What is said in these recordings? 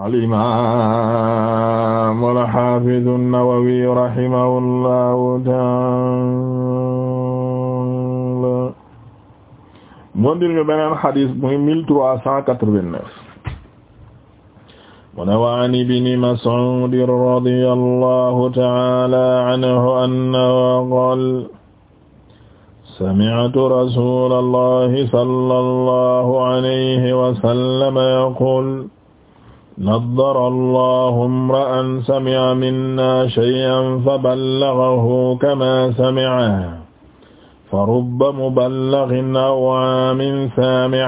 al-imaam al-haafiz an-Nawawi rahimahullahu ta'aala mu ndil ñu beneen xadis muy mille trois cent quatre-vingt-neuf mu ne wa an ibni Mas'uud radiyallahu ta'aala anhu annahu qaala sami'tu rasuulallahi sallallahu alayhi wa sallam yaquulu nadara allahu imra'an sami'a minna shay'an faballaghahu kama sami'ahu farubba muballighin aw 'aamin saami'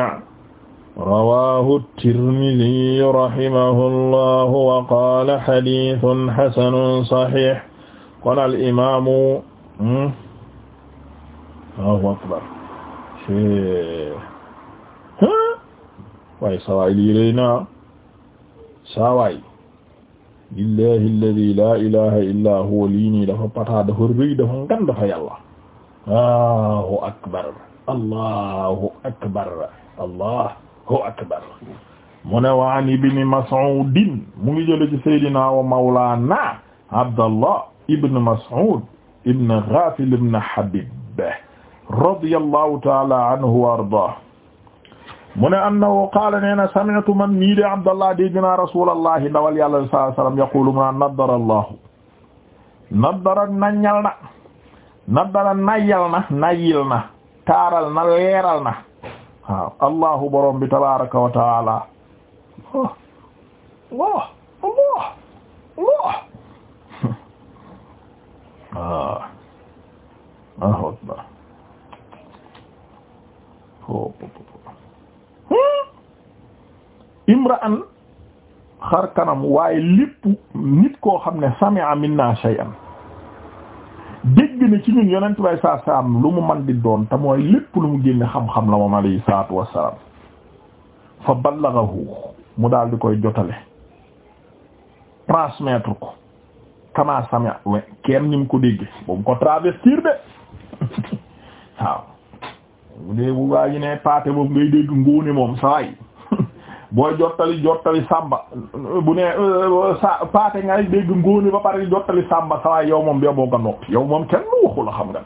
rawaahu at-Tirmidhi rahimahullahu wa qaala hadiithun hasanun sahiih kon al-imaamu Allahu akbar waay sawaay lii saawaay billahi alladi la ilaha illa huwa lii nii dafa pataa dafa rëy dafa ngan dafa yàlla allahu akbar allahu akbar allahu akbar mu ne wa an ibni mas'udin mu ngi jële ci saydina wa mawlana abdallah ibn mas'ud ibn ghafil ibn habib radiyallahu ta'ala anhu wa ardah mu ne annahu qaala nee na sami'tu man mii de abdallah dégg naa rasulallahi ndawal yàlla sallallahu alayhi wasallam yaqulu mu naan naddara allahu naddara naññal na naddara nayyal na nayyil na taaral na leeral na waaw allahu borom bi tabaraka wa taala oh, allah allah allah waaw ah, imra'an xar kanam waaye lépp nit koo xam ne sami'a minna shay'an dégg na ci ñun yonent bay saa saam lu mu man di doon te mooy lépp lu mu génne xam-xam la moom alayhi salaatu wassalaam fa ballaghahu mu daal di koy jotale transmettre ko kama sami'a kenn ni mu ko dégge bu mu ko travestir de waaw bu dee bu waa ne paate boobu ngay dégg ngóone moom sawaay boo jottali jottali sàmba bu ne euh, euh, paate ngay dégg ngóoni ba pare jottali sàmba sawaay yow moom yow boo nga noppi yow moom kenn lu waxu la xam nga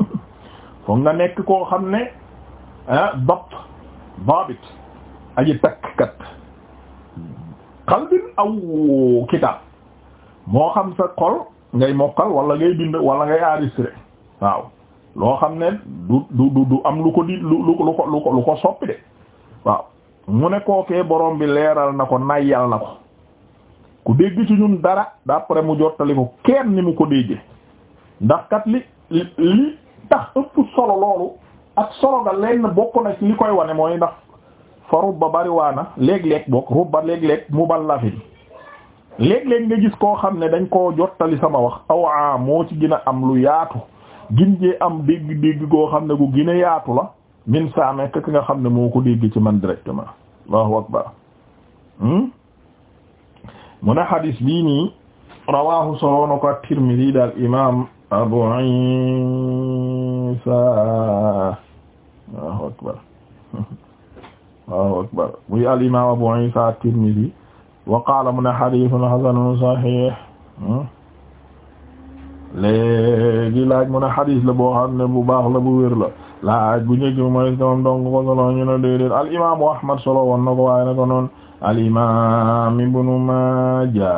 foog nga nekk koo xam ne ah, dabt dabit aji takkat qalbin aw kitaab moo xam sa xol ngay mokkal wala ngay bind wala ngay enregistré waaw loo xam ne du du du am lu ko di lu lu ko lu ko lu ko soppi de waaw mu ne kookee borom bi leeral na ko nayyal na ko ku dégg ci ñun dara d'après mu jottali ko kenn ni mu ko déggee ndax kat li li tax ëpp solo loolu ak solo ga lenn bokk na ci li koy wane mooy ndax fa rubba bariwaana léeg-léeg bokk rubba léeg-léeg mu ballafin léeg-léeg nga gis koo xam ne dañ koo jottali sama wax awa moo ci gën a am lu yaatu gin jee am dégg dégg koo xam ne gu gën yaatu la min saame ki nga xam ne moo ko dégg ci man directement Allahu akbar hmm? mu ne hadis bii nii rawahu solo na ko at-Tirmidhi imam Abu Isa Allahu akbar Allahu al imam Abu Isa at-Tirmidhi wa qaala mu ne hadithun hasanun hmm? laaj mu ne la boo xam ne bu baax la bu wér la laaj bu njëkk mooy moom dong ko solo ñu ne déedéet al imaamu Ahmad solo woon na ko waaye na ko noon al imaam Ibnu Maaja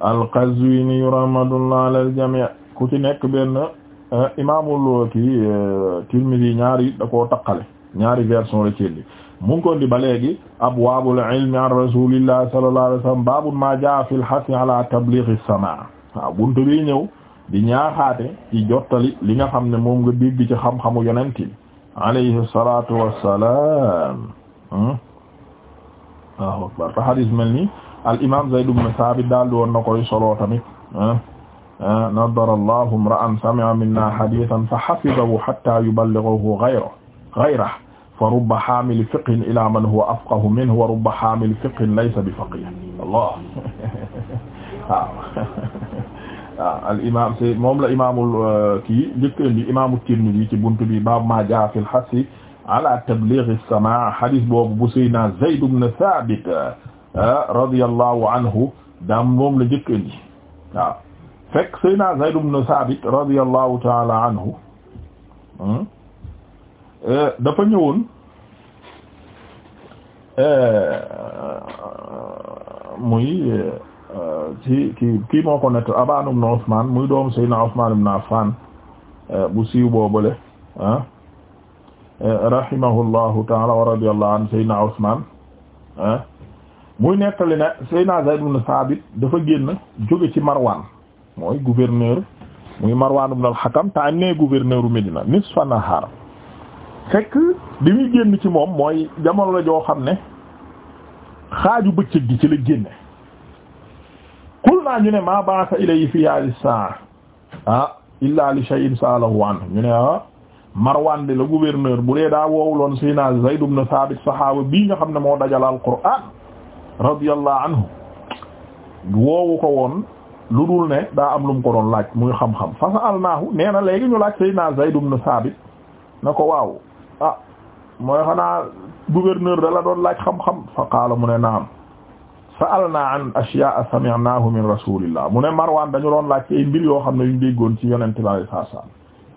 al-Qazwiini rahmatullah alal jamii' ku ci nekk benn eh, imaamul kii eh, Tirmidi ñaari da koo taqale ñaari version la ci mu ngi ko di ba léegi abwaabul ilmi an rasuulillah sallallahu alayhi wa sallam baabun maa jaa'a fil hassi ala tabliighi samaa waaw buntu bi ñëw di ñaaxaate ci jottali li nga xam ne moom nga dégg ci xam-xamu yonent bi alayhi salatu wassalam hmm? Allahu akbar te hadis mel ni al imam Zayd ibn Thabit daal di woon na koy solo tamit hmm? hmm? nadara Allahu imra'an sami'a minna hadithan fa hafizahu hatta yuballighahu ghayruhu ghayruhu fa rubba haamili fiqhin ila man huwa afqahu minhu wa rubba haamili fiqhin laysa bi faqih Allah waaw waaw al imaam si moom la imaamul euh, kii njëkk indi imaamu Tirmidhi ci buntu bi baab maa jaa fil hasi ala tabligh as-samaa hadis boobu bu Seydina Zayd ibn Thabit euh, radiyallahu anhu daam moom la njëkk indi waaw fekk Seydina Zayd ibn Thabit radiyallahu ta'ala anhu hmm, euh, dafa ñëwoon muy. ci kii kii moo ko nett Abaan ibn Usmaan muy doom Seydina Usmaan ibn Affaan eh, bu siiw boobule ah eh, rahimahullahu taala wa radiyallahu an Seydina Usmaan ah muy nettali ne Seydina Zayd ibn Saabit dafa génn jóge ci Marwaan mooy gouverneur muy Marwaan ibn al-Hakam te am ne gouverneur u nisfa nahaar fekk bi muy génn ci moom mooy jamono la joo xam ne xaaju bëccëg gi ci la génne naa ñu ne ma ba'atha ilayhi fi hadhihi as-sa'a ah illa li shay'in sa'alahu anhu ñu ne ah Marwan de la gouverneur bu dee daa woowuloon Seyna Zayd ibn Thabit sahaaba bii nga xam ne moo dajal al-Qur'an radiyallahu anhu woowu ko woon lu dul ne daa am lu mu ko doon laaj muy xam-xam fa sa'alnaahu nee na léegi ñu laaj Seyna Zayd ibn Thabit na ko waaw ah mooy xanaa gouverneur da la doon laaj xam-xam fa qaala mu ne naam sa'alnaa an ashyaa'a sami'naahu min rasuulillah mu ne Marwan dañu doon laaj ay mbir yoo xam ne yuñ déggoon ci yonent bi saa saa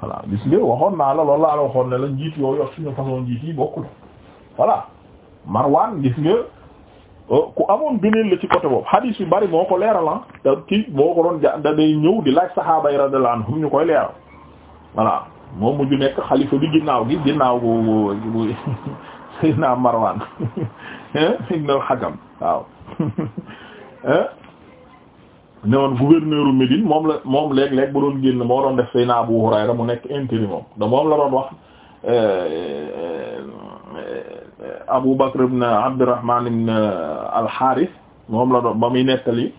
voilà gis nga waxoon naa la loolu laa la waxoon ne la njiit yoo yor suñu façon njiit yi bokkul voilà Marwan gis nga euh, ku amoon beneen la ci côté boobu hadis yu bari moo ko leeral ah te kii boo ko doon ja da day ñëw di laaj saxaaba yi radiyallahu anhum ñu koy nekk xalifa bi ginnaaw gi ginnaaw gu gu Seydina Marwan ibn waaw. ne woon gouverneuru Médine moom la moom léeg-léeg bu doon génn moo doon def Seydina Abu Hurayra mu nekk intérim moom da moom la doon wax euh, euh, Abu Bakr ibn Abdurrahman ibn euh, al moom la doon ba muy nettali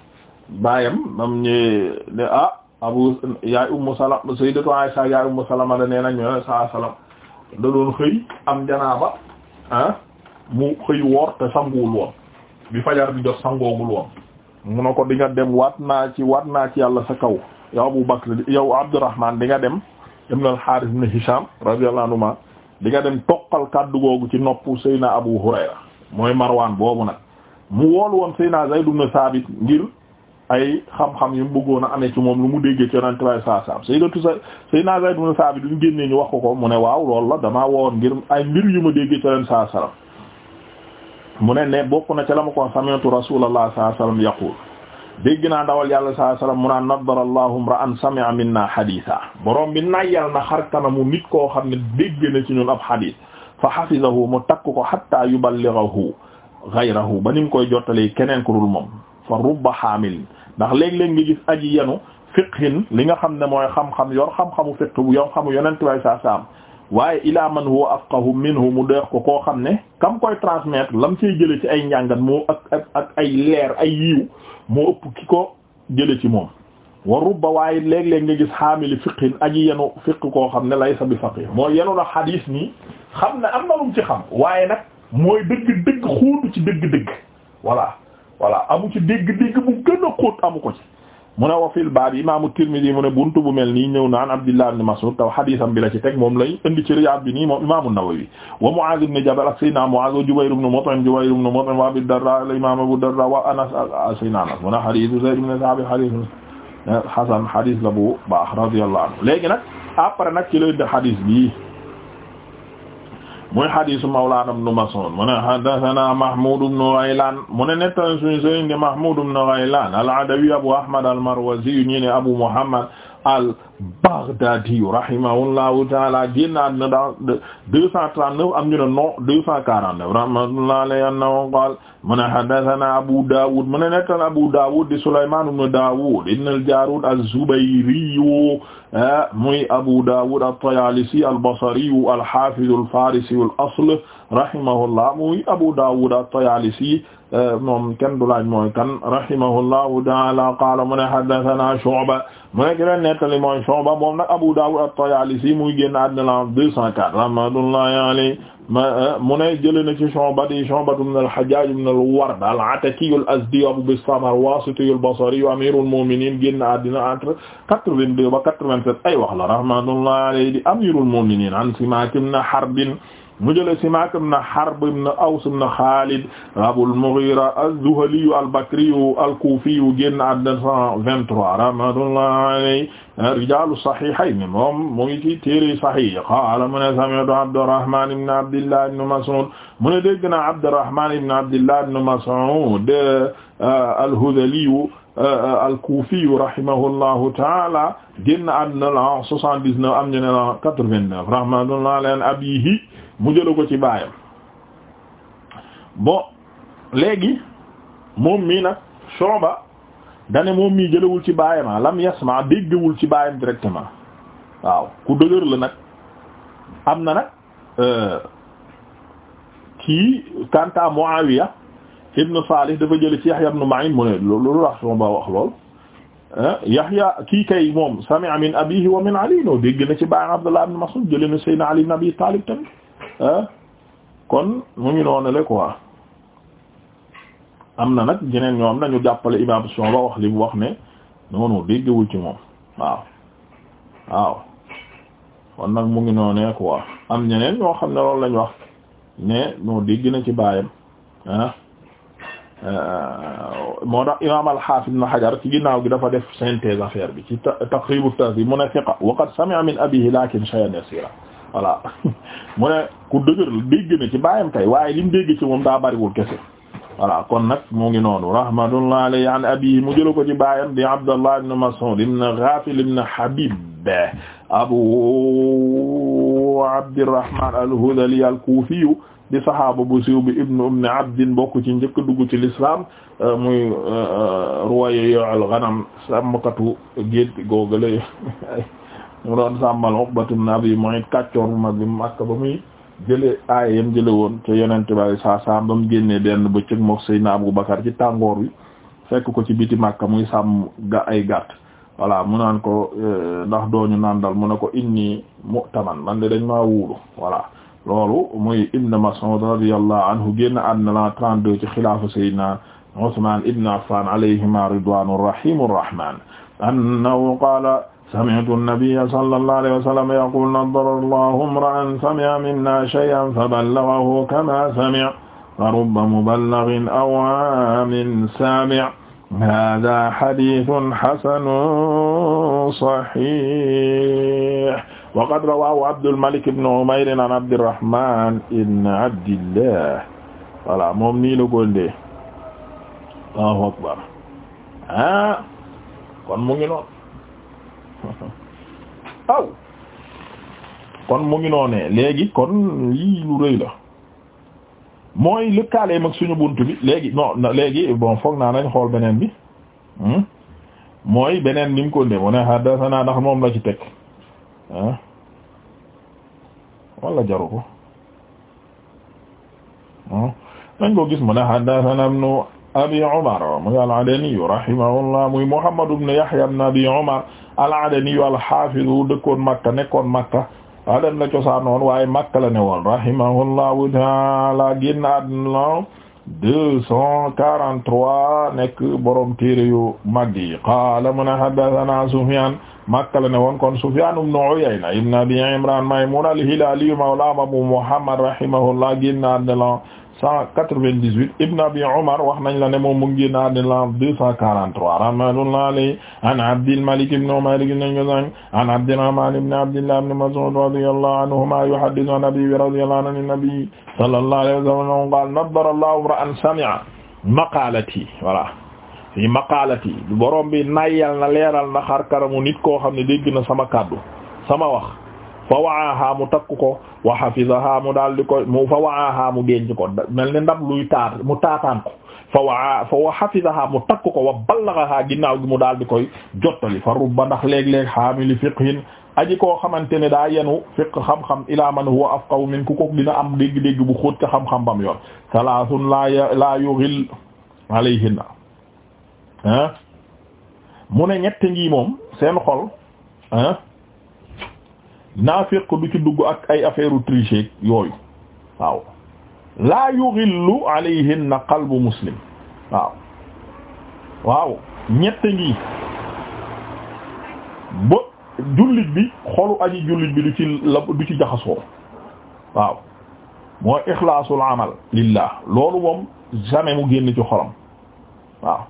baayam ba mu ñëwee ne ah Abu yaay Ummu Salama Sayyidatu Aisha yaay Ummu Salama da nee nañu saa salam da doon xëy am janaaba mu xëy woor te sanguwul woon bi fajar di jot sangoogul woon mu ne ko di nga dem waat naa ci wat naa ci yàlla sa kaw yow Abu Bakr yow Abdurrahman di nga dem ibn al-Harith ibn Hisham radiyallahu anhuma di nga dem toqal kàddu googu ci nopp Seyna Abu Hurayra mooy Marwan boobu nag mu wool woon Seyna Zayd ibn Sabit ngir ay xam-xam yu mu bëggoon a amee ci moom lu mu déggee ci yonent bay saa saam Sayyidatu Seyna Zayd ibn Sabit duñ génnee ñu wax ko mu ne waaw lool la damaa woon ngir ay mbir yu ma déggee mu ne ne bokk na ca la ma ko sami'tu rasulallah sallallahu alayhi wasallam yaqul dégg naa dawal yàlla sallallahu alayhi wasallam mu naan nadara allahum ra'an sami'a minna haditha borom bi nayyal na xar kanamu nit koo xam ne dégg na ci ñun ab hadith fa hafizahu mu takk ko hatta yuballighahu ghayrahu ba ni mu koy jottalee keneen ku dul moom fa rubba haamil ndax léeg-léeg nga gis aji yanu fiqhin li nga xam ne mooy xam-xam yor xam-xamu fiqh bu yor xamu yonent way saa saam waaye ilaa man woo afqahu minhu mu deex ko koo xam ne kam koy transmettre lam cey jële ci ay njàngat moo ak ak ak ay leer ay yiw moo ëpp ki ko jële ci moom wa rubba waaye léeg-léeg nga gis xaamili fiqhin aj yenu fiqh koo xam ne laysa bi faqih mooy yenu na xadiis nii xam ne am na lum ci xam waaye nag mooy dëgg-dëgg xóotu ci dëgg-dëgg voilà voilà amu ci dëgg-dëgg bu gën a xóot amu ko ci mu ne wa fil baab imaamu Tirmidi mu ne buntu bu mel nii ñëw naan Abdullah ibn Mas'ud taw xadiisam bi la ci teg moom lay indi ci Riyaad bi nii moom imaamu Nawawi wa Mu'aaz ibn Jabal ak Seydina Mu'aaz wa Jubayr ibn Mut'im Jubayr ibn Mut'im wa Abi Dardaa al-imaam Abu Dardaa wa Anas ak Seydina Anas mu ne xadiisu Zayd ibn Saabit xadiisu hasan xadiis la bu baax radiyallahu anhu léegi nag après nag ci lay indi xadiis bi muy hadisu mawlaana ibn Mas'ud mu ne haddathana Mahmud ibn Ghaylan mu ne nettali suñu sëriñ di Mahmud ibn Ghaylan al-Adawi Abu Ahmad al-Marwazi ñi ne Abu Muhammad al Baghdadi rahimahullahu taala génnaat na dans deux cent trente-neuf am ñu ne non deux cent quarante-neuf rahmatullahi alayhi annahu qaala mu ne haddathana Abu Dawud mu ne nettan Abu Dawud di Sulayman ibn Dawud ibn al-Jarud az-Zubayri muy Abu Dawud at-Tayalisi al-Basri al-Hafiz al-Farisi al-asl rahimahullah muy Abu Dawud at-Tayalisi Euh, moom kenn du laaj mooy kan rahimahullahu ta'ala qaala mu ne haddathana Shu'ba mu ne ki leen nettali mooy Shu'ba moom nag Abu Dawud at-Tayalisi muy génn àddina la 204 rahmatullahi alayhi euh, mu ne jëlee na ci Shu'ba di Shu'ba ibn al-Hajjaj ibn al-Ward al-Ataki al-Azdi Abu Bistam al-Wasiti al-Basri amiru al-mu'minin génn àddina entre 82 ba 87 ay wax la rahmatullahi alayhi di amiru al-mu'minin an Simak ibn Harb mu jële Simaak ibn Harb ibn Aws ibn Xaalid Abul Mughira az-Zuhaliyu al-Bakriyu al-Kufiyu génn àddina cent vingt-trois rahmatullahi alayhi rijaalu sahihayn moom mu ngi ci téere sahih qaala mu ne sami'tu Abdurrahman ibn Abdillah ibn Mas'ud mu ne dégg naa Abdurrahman ibn Abdillah ibn Mas'ud euh, al-Hudhaliyu euh, al-Kufiyu rahimahullahu ta'ala génn àddina la soixante-dix-neuf am ñu ne la quatre-vingt-neuf rahmatullahi alayhi abiihi mu jëla ko ci baayam bon léegi moom mii nag Shuba dane moom mii jëlawul ci baayama lam yasma déggewul ci baayam directement waaw ku dëgër la nag am na nag euh, kii kanta Muawiya ibn Salih dafa jële ci Yahya ibn Ma'in mu ne loolu wax Shuba Yahya kii kay moom sami'a min abihi wa min Ali no dégg na ci baayam Abdullah ibn Mas'ud jële na Sayyidina Ali ibn Abi Talib tamit ah kon mu ngi noonu lekk quoi am na nag jeneen ñoo am nañu jàppale imam Shuba wax li mu wax ne noonu déggewul ci moom waaw waaw kon nag mu ngi noonee quoi am ñeneen ñoo xam ne loolu lañ wax ne noo dégg na ci baayam ah moo tax imaam al-Hafiz ibn Hajar ci ginnaaw gi dafa def synthèse affaire bi ci Taqrib at-Tahdhib mu ne thiqa wa qad sami'a min abihi lakin shay'an yasira voilà mu ku dëgër dégg na ci baayam kay waaye lim dégg ci moom daa bariwul kese voilà kon nag mu ngi noonu rahmatullah alayhi an abihi mu jëla ko ci baayam di Abdallah ibn Mas'ud ibn Ghafil ibn Habib Abu Abdirrahman al-Hudhali al-Kufi di sahaaba bu siiw bi ibnu ummi abdin bokk ci njëkk dugg ci l'islam euh, euh, euh, ruwaye al-ghanam sàmmkatu géet googale mu doon sàmmal Uqbatu ibn mu Mu'ayt kàccoor bu mag bi Makka ba muy jële aaya woon te yonente bari saa sam ba mu génnee benn bëccëg mook Seydina Abu Bakar ci tàngoor wi fekk ko ci biti Makka muy sàmm ga ay gàtt voilà mu naan ko eh, ndax dooñu naan dal mu ne ko inni mu'taman man de dañ maa wuulu voilà loolu muy Ibn Mas'ud radiyallahu anhu génn àdduna la 32 ci xilaafu Seydina Usman ibn Affan alayhima ridwanur rahimur rahman sami'tu an-nabiyya sallallahu alayhi wa sallam yaqul nadara Allahu imra'an sami'a minna shay'an faballaghahu kama sami'a fa rubba muballighin aw 'aamin saami' hada xaditun xasanun saxiix waqad rawaahu Abdulmalik ibn Umayr an Abdirrahman ibn Abdillah voilà moom nii la góoldee Allahu akbar ah kon mu ngi noonu aw kon mu ngi léegi kon lii lu rëy la mooy lëkkaale mag suñu bunt bi léegi non léegi bon foog naa nañ xool beneen bi hmm? mooy beneen bi mu ko ndee mu ne haddathana ndax moom la ci teg ah wala jaru ko dañ hmm? ko gis mu ne haddathana ibnu abi umar mu ngi al-adani muy muhammad ibn yahya ibn abi umar al-Adani al-Hafiz dëkkoon Makka nekkoon Makka adam la cosaan woon waaye Makka la ne woon rahimahullahu ta'ala génnaat na 243 nekk borom téere yu mag yi qaala mun haddathana Sufyan Makka la ne woon kon Sufyan ibn Uyayna ibn Abi Imran Maymun al-Hilali mawla Abu Muhammad rahimahullah génnaat na cent quatre-vingt-dix-huit Ibn Abi Umar wax nañ la ne moom mu ngi génn àddina la deux cent quarante-trois rahmatullah alayhi an Abdil Malik ibn Umayr gis nañ ko sànq an Abdirrahman ibn Abdillah ibn Mas'ud radiyallahu anhuma yuhaddithu an abihi radiyallahu anhu an-nabi sallallahu alayhi wa sallam qala nabbara Allahu ra'an sami'a maqalati voilà fi maqalati borom bi nayal na leeral na xar karamu nit koo xam ne dégg na sama kàddu sama wax fa waaha mu takk ko wa hafizaha mu daal di koy mu fa waaha mu denc ko mel ni ndab luy taat mu taataan ko fa waa fa wa hafizaha mu takk ko wa ballagaha ginnaaw gi mu daal di koy jottali fa rubba ndax léeg-léeg hamili fiqhin aji koo xamante ne daa yenu fiq xam-xam ila man huwa afqahu min ku ko am dégg-dégg bu xóot ca xam-xam bam yoon salaasun laa laa yughil ah mu ne ñett ngi moom seen xol naafiq du ci dugg ak ay affaire u tricher yooyu waaw laa yughillu alayhinna qalbu muslim waaw waaw ñett ngi ba jullit bi xolu aji jullit bi du ci la du ci jaxasoo waaw mooy ixlaasul amal lillah loolu moom jamais mu génn ci xolam waaw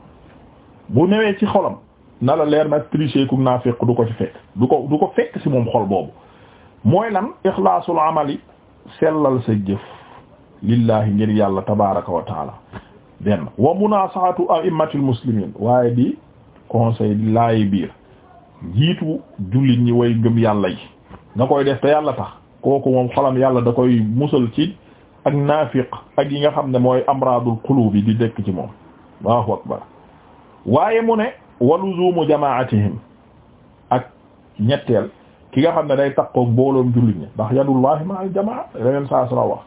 bu newee ci xolam na la leer nag tricher ku naafiq du ko ci fekk du ko du ko fekk ci moom xol boobu mooy lan ixlaasul amali sellal sa jëf lillahi ngir yàlla tabaraka wa taala benn wa munasahatu a'immatil muslimin waaye di conseil di laayi biir jiitu jullit ñi way ngëm yàlla yi nga koy def yàlla tax kooku moom xolam yàlla da koy musal ci ak naafiq ak yi nga xam ne mooy amradul quluub yi di dekk ci moom Allahu akbar waaye mu ne waluzumu jamaatihim ak ñetteel ki nga xam ne day takkoog mbooloom jullit ñi ndax yadullahi ma al jamaa yeneen saa su la wax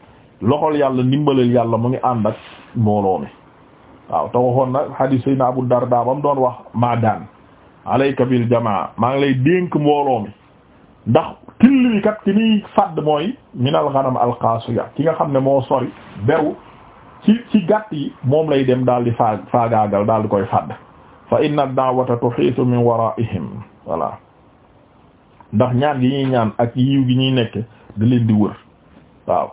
loxol yàlla ndimbalal yàlla mu ngi ànd ak mbooloo mi waaw te waxoon na hadis sayna Abu Darda ba mu doon wax maa daan alayka bil jamaa maa ngi lay dénk mbooloo mi ndax till bi kat ki niy fàdd mooy minal ghanam al qasiya ki nga xam ne moo sori beru ci ci gàtt yi moom lay dem daal di faagaagal daal di koy fàdd fa inna ad-da'wata tuhitu min wara'ihim voilà ndax ñaan gi ñuy ñaan ak yiw gi ñuy nekk da leen di wër waaw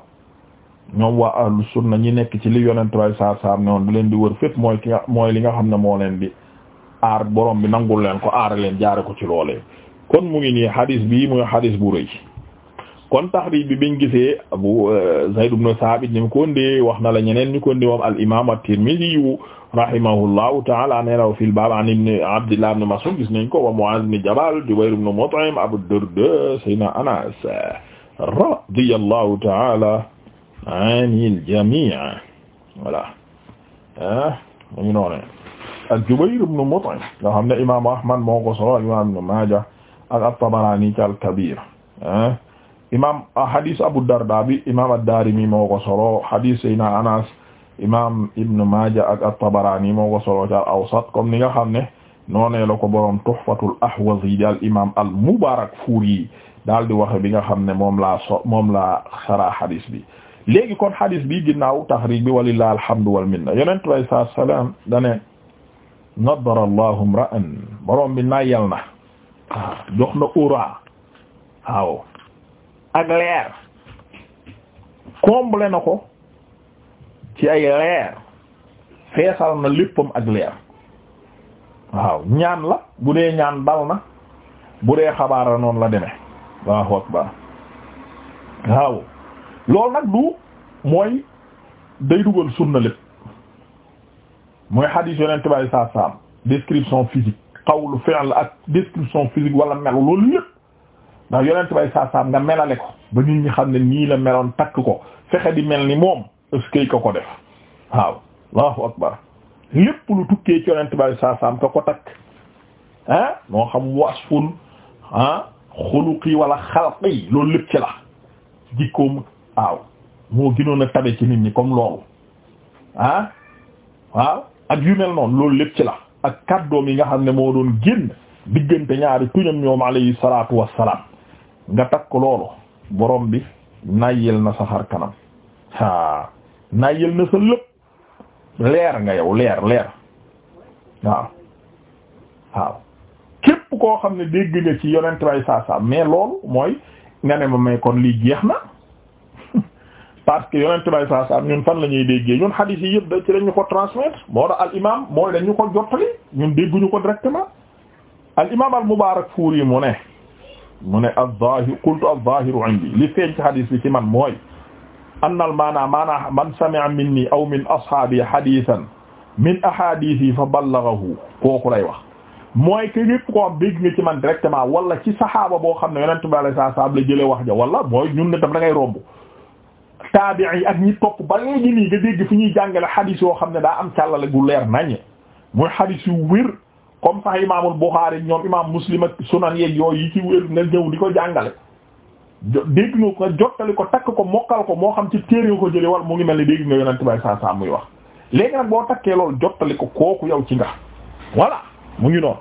ñoom waa ahlu sunna ñi nekk ci li yonent way saar saar ne woon da leen di wër fépp mooy ki li nga xam ne moo leen di aar borom bi nangul leen ko aar leen jaare ko ci loole kon mu ngi nii hadis bii muy hadis bu rëy kon taxrij bi biñ gisee Abu euh, Zayd ibn Saabit ni mu ko ndee wax na la ñeneen ñu ko ndee moom al imaam at rahimahullahu ta'ala nee na fil baab an ibn Abdillah ibn Mas'ud gis nañ ko wa Mu'az ibn Jabal Jubayr ibn Mut'im Abu Darda Sayyidina Anas radiyallahu ta'ala anil jami' voilà ah mu ngi noonu ak Jubayr ibn Mut'im nga xam ne imaamu Ahmad moo ko solo ak imaam Ibn Maaja ak at-Tabarani ca al-Kabir ah imaam ah, hadis Abu Darda bi imaam ad-Darimi moo ko solo hadis Sayyidina Anas imaam Ibn Maaja ak at-Tabaraani moo solo ci al-Awsat comme ni nga xam ne noonee la ko borom Tuhfatul Ahwazi yi daal imaam al-Mubaarakfuuri daal di waxe bi nga xam ne moom laa so moom bi. léegi kon hadis bi ginnaaw taxriij bi walillaahi alhamdu wal minna yonent bi saa salaam da ne nadara Allahu imra'an borom bi naayal na jox na ura waaw ak leer comble ko. ci ay leer feesal na léppam ak leer waaw ñaan la bu dee ñaan dal na bu dee xabaara noonu la demee Allahu akbar waaw loolu nag du mooy day dugal sunna lépp mooy hadith yonent bi saa description physique qawlu fi'l ak description physique wala melu loolu lépp ndax yonent bi saa saam nga melale ko ba nit ñi xam ne nii la meloon takk ko fexe di mel ni moom ëskey ka ko def waaw allahu akbar lépp lu tukkee ci yonent bari saa ko takk ah moo xam wasfun ah xuluqi wala xalqi loolu lépp ci la jikkoom waaw moo gënoon a tabe ci nit ñi comme loolu ah waaw ak yu mel noonu loolu lépp ci la ak kàddoom yi nga xam ne moo doon génn diggante ñaari tuñam ñoom alayhi salaatu wassalaam nga takk loolu borom bi nayyel na saxar kanam haa nayal na sa lépp leer nga yow leer leer waaw waaw képp koo xam ne dégg nga ci yonent bay saa saa mais loolu mooy nga ne ma mais kon lii jeex na parce que yonent bay saa saa ñun fan la ñuy déggee ñun hadith yi yëpp da ci lañu ko transmettre moo tax al imam mooy dañu ko jottali ñun dégguñu ko directement al imam al Mubarak Furi mu ne mu ne al zaahir qultu al zaahiru indi li feeñ ci hadith bi ci man mooy annal maana maana man sami'a minni aw min ashaabi hadithan min ahadithi fa ballaghahu kooku lay wax mooy que yëpp ko am dégg nga ci man directement wala ci saxaaba boo xam ne yonent bi alayhi salaam la jëlee wax ja wala mooy ñun ne tam da ngay romb taabi'i yi ak ñi topp ba léegi nii nga fu ñuy jàngale xadis yoo xam ne daa am càllale gu leer naññe muy xadis yu wér comme sax imaamul Buxaari ñoom imaam Muslim ak sunan yeeg yooyu yi ci wér nga di ko jàngale dégg nga ko jottali ko takk ko mokkal ko moo xam ci téere nga ko jëlee wala mu ngi mel ni dégg nga yonent bay saa saa muy wax léegi nag boo takkee loolu jottali ko kooku yow ci nga voilà mu ngi noonu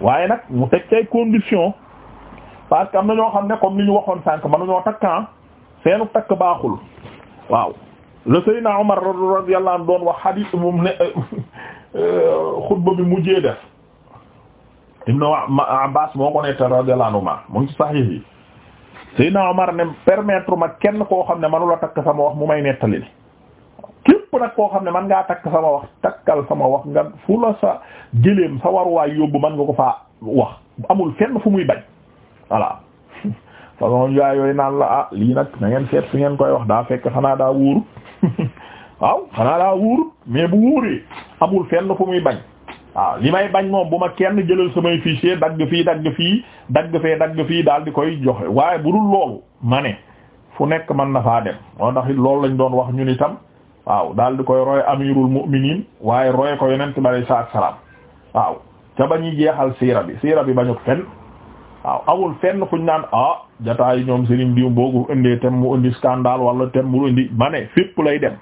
waaye nag mu teg condition parce que am na ñoo xam ne comme ni ñu waxoon sànq manu ñoo takkan ah. seenu takk baaxul waaw le Seydina Omar radiyallahu anhu doon wax hadith moom ne euh, euh, xutba bi mujjee def Ibn Abbas moo ko netta radiyallahu anhu mu ngi ci sahih yi si Seydina Omar ne permettre ma kenn koo xam ne manula takk sama wax mu may nettali li képp nag koo xam ne man ngaa takk sama wax takkal sama wax nga fu la sa gëléem sa waruwaay yóbbu man nga ko fa wax amul fenn fu muy bañ voilà façon yaay yooyu naan la ah lii nag na ngeen seet fi ngeen koy wax daa fekk xanaa daa wóorut waaw xanaa daa wóorut mais bu wóoree amul fenn fu muy bañ waaw li may bañ moom bu ma kenn jëlal samay fichier dagg fii dagg fii dagg fee dagg fii daal di koy joxe waaye bu dul loolu ma ne fu nekk mën na faa dem moo tax loolu lañ doon wax ñun itam waaw daal di koy roy amirul mu'minin waaye roy ko yonent bi alayhi salaatu salaam waaw ca ba ñuy jeexal siira bi siira bi bañu fenn waaw amul fenn fuñ naan ah jataayu ñoom Serigne diw boogu indee thème mu indi scandale wala thème mu indi ma ne lay dem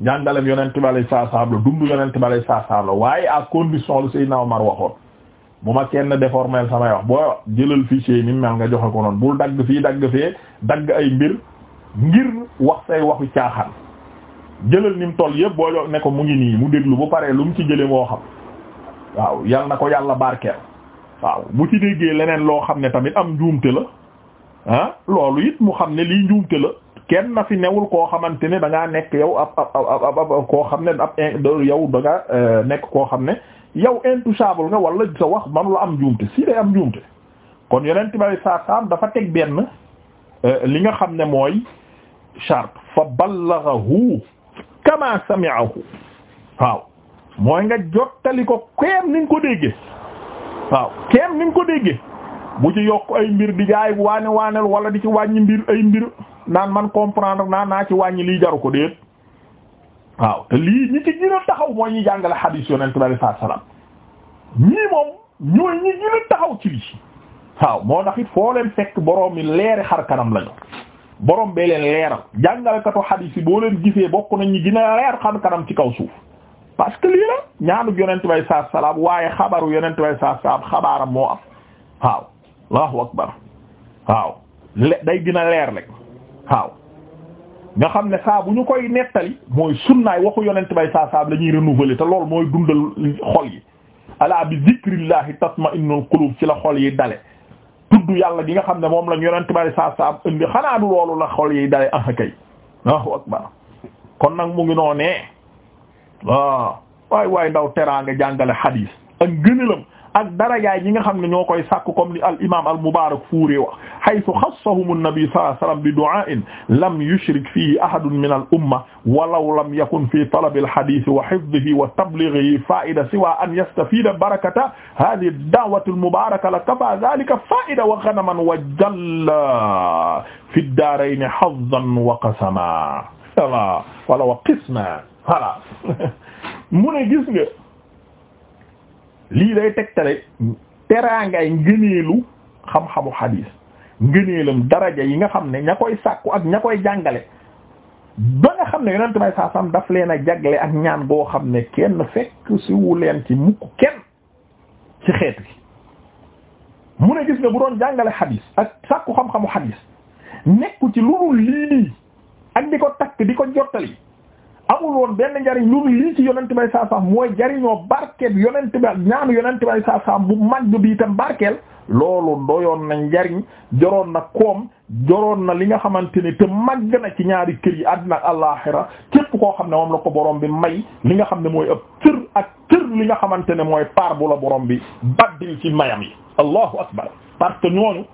njàngalem yonent balay saa saab la dund yonent balay saa saab waaye ak condition lu Seydina Omar waxoon bu ma kenn déformel samay wax boo jëlal fichier ni mel nga joxe ko noonu bul dagg fii dagg fee dagg ay mbir ngir wax say waxu caaxaan jëlal ni mu toll yëpp boo jox ne ko mu ngi nii mu déglu bu paree lu mu ci jële moo xam waaw yal na ko yàlla barkeel waaw bu ci déggee leneen loo xam ne tamit am njuumte la ah loolu it mu xam ne lii njuumte la kenn na fi newul koo xamante ne da nekk yow ab ab ab koo xam ne ab yow da nga euh, nekk koo xam ne yow intouchable nga wala sa wax manu am njuumte si day am njuumte kon yeneen tibari saa saam dafa teg benn euh, li nga xam ne mooy charte fa ballaghahu kama sami'ahu waaw mooy nga jottali ko keem ni ko déggee waaw keem ni ko déggee bu ci yokk ay mbir di jaay waane waaneel wala di ci wàññi mbir ay mbir naan man comprendre naan naa ci wàññi lii jaru ko déet waaw te lii ñi ci gën a taxaw mooy ñi jàngale xadiis yonent bi sallallahu ñii moom ñooy ñi gën a taxaw ci lii waaw moo tax foo leen fekk boroom mi leeri xar kanam lañu boroom bee leen leeral jàngalekatu xadiis yi boo leen gisee bokk nañ ñi a leer xar kanam ci kaw suuf parce que lii la ñaanu yonent bi sallallahu waaye xabaru yonent bi sallallahu alayhi wasallam xabaaram moo am waaw allahu akbar waaw le- day gën a leer rek waaw nga xam ne saabu ñu koy nettali mooy sunnaay waxu yonent bay saa saab la ñuy renouveler te loolu mooy dundal xol yi alaa bi zikrillahi tatma'innul qulub ci la xol yi dale tudd yàlla gi nga xam ne moom lañ yonent bay saa saab indi xanaa du loolu la xol yi dale ah kay Allahu akbar kon nag mu ngi noonee waaw waay waay ndaw teraanga jàngale xadiis ak ngëneelam ak darajaay ñi nga xam ne ñoo koy sàkk comme li al imam al mubarak fuuri wax haythu xassahum an-nabi sallallahu alayhi wasallam bi du'a'in lam yushrik fihi ahadun min al umma walaw lam yakun fi talab al hadith wa hifdhihi wa tablighihi fa'ida siwa an yastafida barakata hadhihi ad-da'wati al mubaraka la kafa dhalika fa'ida wa ghanaman wa jalla fi ad-darayn hazan wa qasama wala wa qisma wala mu ne gis nga lii day tegtale teraangaay ngëneelu xam-xamu xadiis ngëneelam daraja yi nga xam ne ña koy sàkku ak ña koy jàngale ba nga xam ne yonent bay saa sam daf leen a jagle ak ñaan boo xam ne kenn fekk siwu leen ci mukk kenn ci xeet bi mu ne gis nga bu doon jàngale xadiis ak sàkku xam-xamu xadiis nekku ci lu dul lii ak di ko takk di ko jottali amul woon benn njariñ lu lii ci yonent bay saasaam mooy jariñoo barkeel yonent ba ñaanu yonent bay saasaam bu màgg bi itam barkeel loolu doyoon na njariñ joroon na koom joroon na li nga xamante ne te màgg na ci ñaari kër yi àddina ak àllaaxira képp koo xam ne moom la ko borom bi may li nga xam ne mooy ëpp cër ak cër li nga xamante ne mooy paar bu la borom bi baddil ci mayam yi allahu akbar parce que ñooñu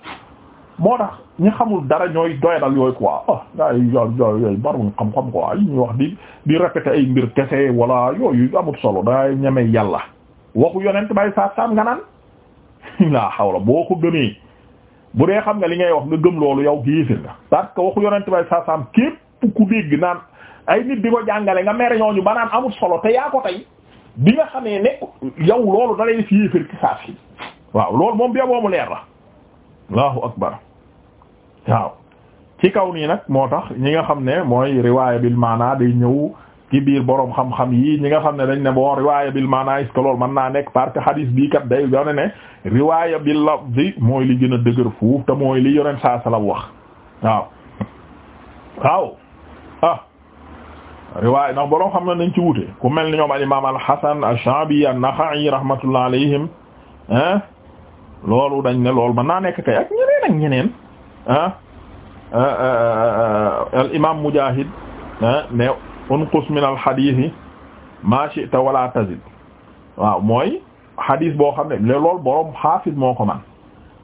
moo tax ñi xamul dara ñooy doyadal yooyu quoi ah gaa yi yo yooyu bariwuñ xam-xam quoi yi ñuy wax di di répéter ay mbir kese wala yooyu amul solo dangay ñeme yàlla waxu yonent bay saa saam nga naan laa xaw la boo ko gëmee bu dee xam nga li ngay wax nga gëm loolu yow giifir nga parce que waxu yonent bay saa saam képp ku dégg naan ay nit di ko jàngale nga mere ñooñu ba naan amul solo te yaa ko tey bi nga xamee ne yow loolu dalay si waaw loolu moom leer la waaw ci kaw nii nag moo tax ñi nga xam ne mooy riwaaya bil maana day ñëw ci biir boroom xam-xam yi ñi nga xam ne dañ ne bon riwaaya bil maana est-ce que mën naa nekk parce que hadis bii kat day yone ne riwaaya bil lafzi mooy li gën a dëgër fuuf te mooy li yoneen saa salam wax waaw waaw ah riwaaya ndax boroom xam na nañ ci wute ku mel ni ñoom al imam al hasan ash-shabi an-nakhai rahmatullah alayhim loolu dañ ne loolu mën naa nekk kay ak ñeneen ak ñeneen Ah, ah, ah, ah al imaam Mujaahid ne unqus min al xadiisi maa shi'ta wala tazid waaw mooy xadis boo xam ne le loolu boroom xaafis moo ko man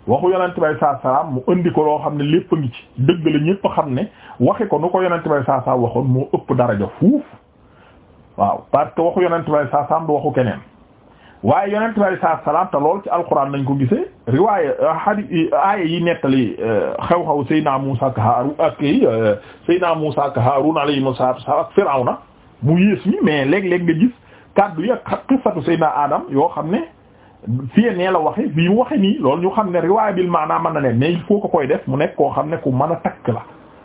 waxu yonente bay saa salaam mu indi ko loo xam ne lépp a ngi ci dëgg la xam ne waxi ko nu ko yonente bay saa salaam waxoon moo ëpp daraja fuuf waaw parce que waxu yonente bay saa salaam du waxu keneen waaye yonent bi alayhi salaam te lool ci alquran nañ ko gisee riwaaya euh, hadi euh, aaya yi nettali euh, xew-xew Seydina Muusaa ak Haaruun ak Seydina Muusaa ak Haaruun alayhimu salaatu salaam ak Firawna mu yées mi mais léeg-léeg nga gis kàddu yi ak qissatu Seydina Adam yoo xam ne fi fii ne la waxe fii mu waxe nii loolu ñu xam ne riwaaya bil maanaa man na ne mais il ko koy def mu nekk koo xam ne ku mën a takk la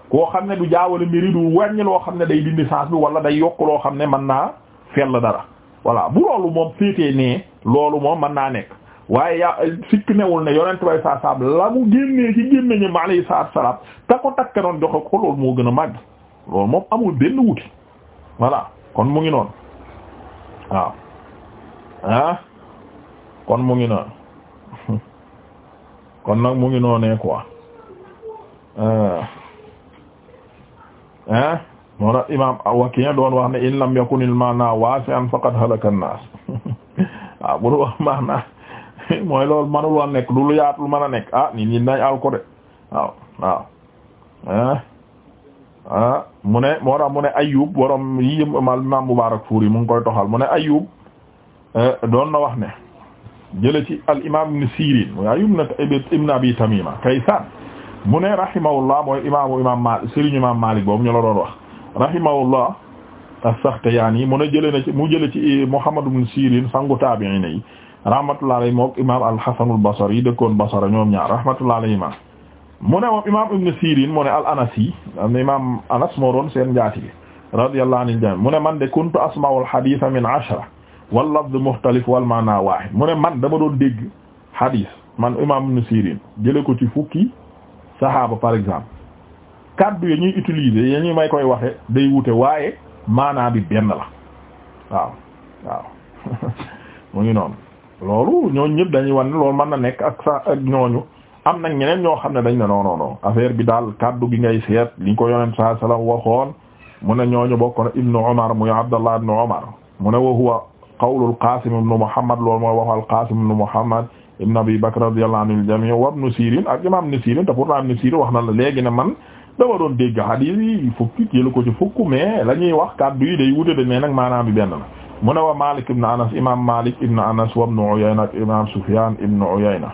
koo xam ne du jaawale mbiri du wàññi loo xam ne day dindi sens bi wala day yokk loo xam ne mën naa fell dara voilà bu loolu moom féetee nee loolu moom mën naa nekk waaye wul sikk newul ne yonent bay saa saab la mu génnee ci gémmiñam alayhi salaatu salaam te ko takke noon joxe ko loolu moo gën a màgg loolu amul benn wuti voilà kon mu ngi noonu waaw ah kon mu ngi noonu kon nag mu ngi noonee quoi ah, ah moo tax imaam wax ne in lam yakunil maana waasi'an halaka an-naas waaw wax maana mooy lool manul woon nekk lu lu yaatu lu mën a nekk ah nit ñi nañ al ko de waaw waaw ah ah mu ne moo tax mu ne Ayyub borom yi mal imaam Mubaarakfuuri mu ngi koy toxal mu ne Ayyub eh, doon na wax ne jële ci al imaam Ibn Siiriin mooy Ayyub ibn Abi Tamiima Kaysaan mu ne rahimahullah mooy imaamu imaam Maalik sëriñu imaam Maalik boobu ñu la doon wax. rahimahullah as-Sakhtiyani mu ne jëlee na ci mu jëlee ci eh, Muhammad ibn Sirin sangu taabi'iin yi rahmatullah alayhi mook imaam al-Hasan al-Basri dëkkoon Basra ñoom ñaar rahmatullah alayhi ma mu ne moom imaam ibn Sirin mu ne al-Anasi am imaam Anas moo doon seen njaati bi radiyallahu anil jami mu ne man de kuntu asma'u al-haditha min ashra wal lafz mukhtalif wal ma'na wahid mu ne man dama doon dégg hadith man imaam ibn Sirin jëlee ko ci fukki sahaaba par exempl kaddu ya ñuy utiliser ya ñu may koy waxe day wute waaye maanaa bi benn la waaw waaw mu ngi noonu loolu ñooñu ñëpp dañuy wan loolu man na nekk ak sa ak ñooñu am nag ñeneen ñoo xam ne dañ ne non non non bi daal kaddu gi ngay seet li ko yonent saa salaam waxoon mu ne ñooñu bokk na Ibnu Umar muy Abdallah ibnu Umar mu ne wa huwa qawlul Qaasim ibnu Muhammad loolu mooy waxal Qaasim ibnu Muhammad ibnu Abi Bakr radiyallahu anil jamii wa ibnu Sirin ak imaam ibnu Sirin te wax na la léegi ne man. dama doon dégg hadis yi fukki jëlu ko ci fukk mais la ñuy wax kàddu yi day wute de mais nag maana bi benn la mu ne wa Malik ibn Anas imam Malik ibn Anas wa ibn Uyayna ak imam Sufyan ibn Uyayna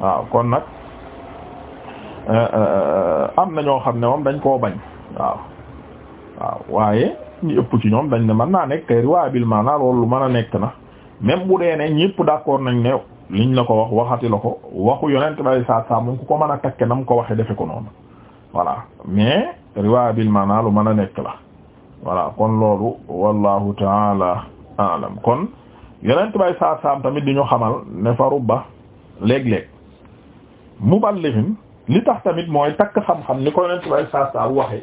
waaw kon nag eh, eh, eh, am na ñoo xam ne moom dañ koo bañ waaw waaye ñi ëpp ci ñoom dañ ne mën naa nekk riwaaya bil maana loolu lu mën a nekk na même bu dee ne ñëpp d'accord nañ ne liñ la ko wax waxati la ko waxu yonent bay saa saa mu ko man a takke mu ko waxe defe ko noonu voilà mais riwaaya bil maana lu mën a nekk la voilà kon loolu wallahu taala alam kon yeneen bay saa saam tamit di ñu xamal ne fa rubba léeg-léeg muballighin li tax tamit mooy takk xam-xam ni ko yeneen bay saa saam waxe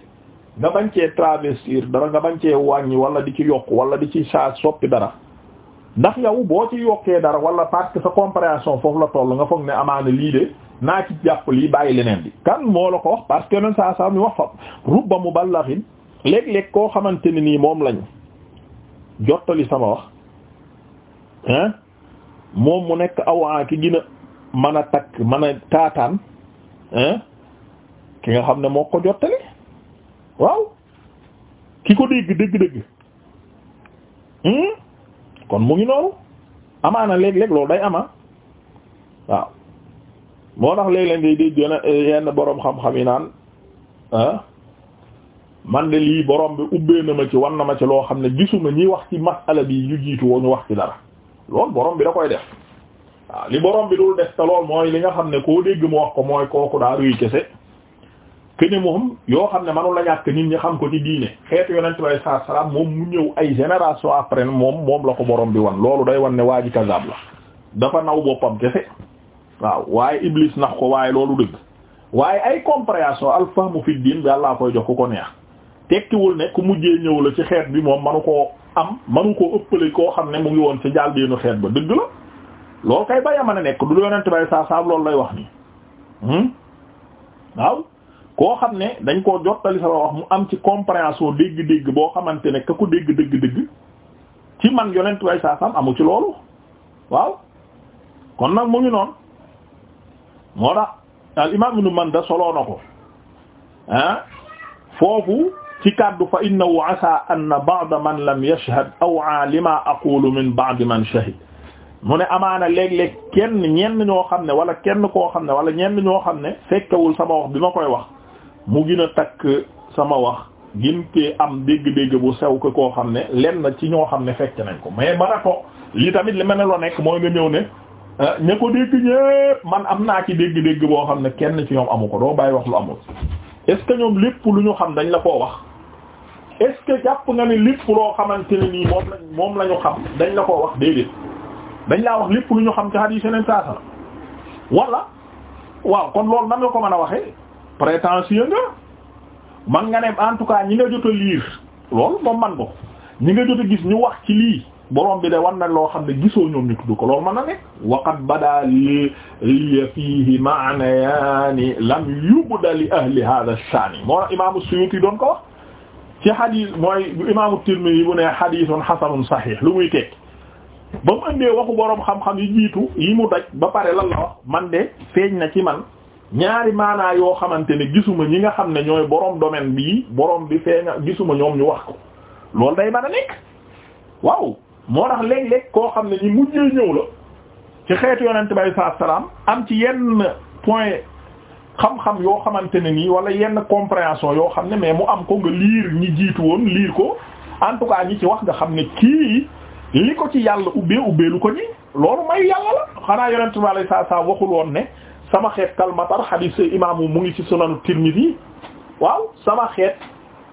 nga bañ cee travestir dara nga bañ cee wàññi wala di ci yokk wala di ci saa soppi dara ndax yow boo ci yokkee dara wala parce sa compréhension foofu la toll nga foog ne amaana lii de naa ci jàpp lii bàyyi leneen bi kan moo la ko wax parce que yeneen saa saa mi wax fa rubba muballighin léeg-léeg koo xamante ni nii moom lañ jottali sama wax hein moom mu nekk awaan ki gën man mën a takk mën a taataan hein ki nga xam ne moo ko jottali waaw ki ko dégg dëgg-dëgg hmm, kon mu ngi noonu amaana léeg-léeg loolu day ama waaw moo tax léeg-léeg ngay dégg yenn boroom xam-xam yi naan ah man de lii boroom bi ubbee na ma ci wan na ma ci loo xam ne gisuma ñi wax ci masala bi ñu jiitu woo ñu wax ci dara loolu boroom bi da koy def waaw li boroom bi dul def te lool mooy li nga xam ne koo dégg mu wax ko mooy kooku daa ruy kese ke moom yoo xam ne manu la ñàkk nit ñi xam ko ci diine xeetu yonent bi alayhi moom mu ñëw ay génération après moom moom la ko boroom bi wan loolu day wan ne waa ji kazaab la dafa naw boppam kese waaw waaye iblis nax ko waaye loolu dëgg waaye ay compréhension al fahmu fi bi Yàlla koy jox ku ko neex tekkiwul ne ku mujjee ñëw la ci xeet bi moom manu koo am manu koo ëppale koo xam ne mu ngi woon ci jaal deenu xeet ba dëgg la loolu kay baya mën ne nekk du yonent bay saa saab loolu lay wax nii hmm? waaw koo xam ne dañ koo jottali sama wax mu am ci compréhension dégg-dégg boo xamante ne ka ko dégg dégg-dégg ci man yonent bay saa saam amu ci loolu waaw kon nag mu moo tax al imam ibn manda soloo na ko ah foofu ci kaddu fa innahu asa anna ba'da man lam yashhad aw lima aqulu min ba'di man shahid mu ne amaana léeg-léeg kenn ñenn ñoo xam ne wala kenn koo xam ne wala ñenn ñoo xam ne fekkewul sama wax bi ma koy wax mu gën a takk sama wax gin te am dégg-dégg bu sew ko koo xam ne lenn ci ñoo xam ne fekk nañ ko mais bara ko li tamit li mel ne loo nekk mooy nga ñëw ne Eh, ña ko dégg ñépp man am naa ci dégg-dégg boo xam ne kenn ci ñoom amu ko doo bàyyi wax lu amul est-ce que ñoom lépp lu ñu xam dañ la koo wax est-ce que jàpp nga ne lépp loo xamante ne nii moom lañ moom la ñu xam dañ la koo wax déedéet dañ laa wax lépp lu ñu xam ci hadith yeneen saasa wala waaw kon loolu nan nga ko mën a waxee prétentieux nga man nga ne en tout cas ñi nga jot a lire loolu moom man ko ñi nga jot gis ñu wax ci lii borom bi de war na loo xam ne gisoo ñoom ñu tudd ko loolu mën na ne waqad bada li li fiihi ma'nayaani lam yubda li ahli hadha shaani moo tax imaamu Suyuuti doon ko wax ci xadiis mooy imaamu Tirmidhi bu ne xadiisun xasanun saxiix lu muy teg ba mu andee waxu borom xam-xam yi jiitu yi mu daj ba pare lan la wax man de feeñ na ci man ñaari maanaa yoo xamante ne gisuma ñi nga xam ne ñooy borom domaine bii borom bi feeña gisuma ñoom ñu wax loolu day mën moo tax léeg-léeg koo xam ne ñi mu ñëw la ci xeetu yonent bi saa salaam am ci yenn point xam-xam yoo xamante ne nii wala yenn compréhension yoo xam ne mais mu am ko nga liir ñi jiitu woon liir ko en tout cas ñi ci wax nga xam ne kii li ko ci yàlla ubbee ubbee lu ko ni loolu may yàlla la xanaa yonent bi saa saa waxul woon ne sama xeet kalmatar xadiis imaamu mu ngi ci sunanu Tirmidhi waaw sama xeet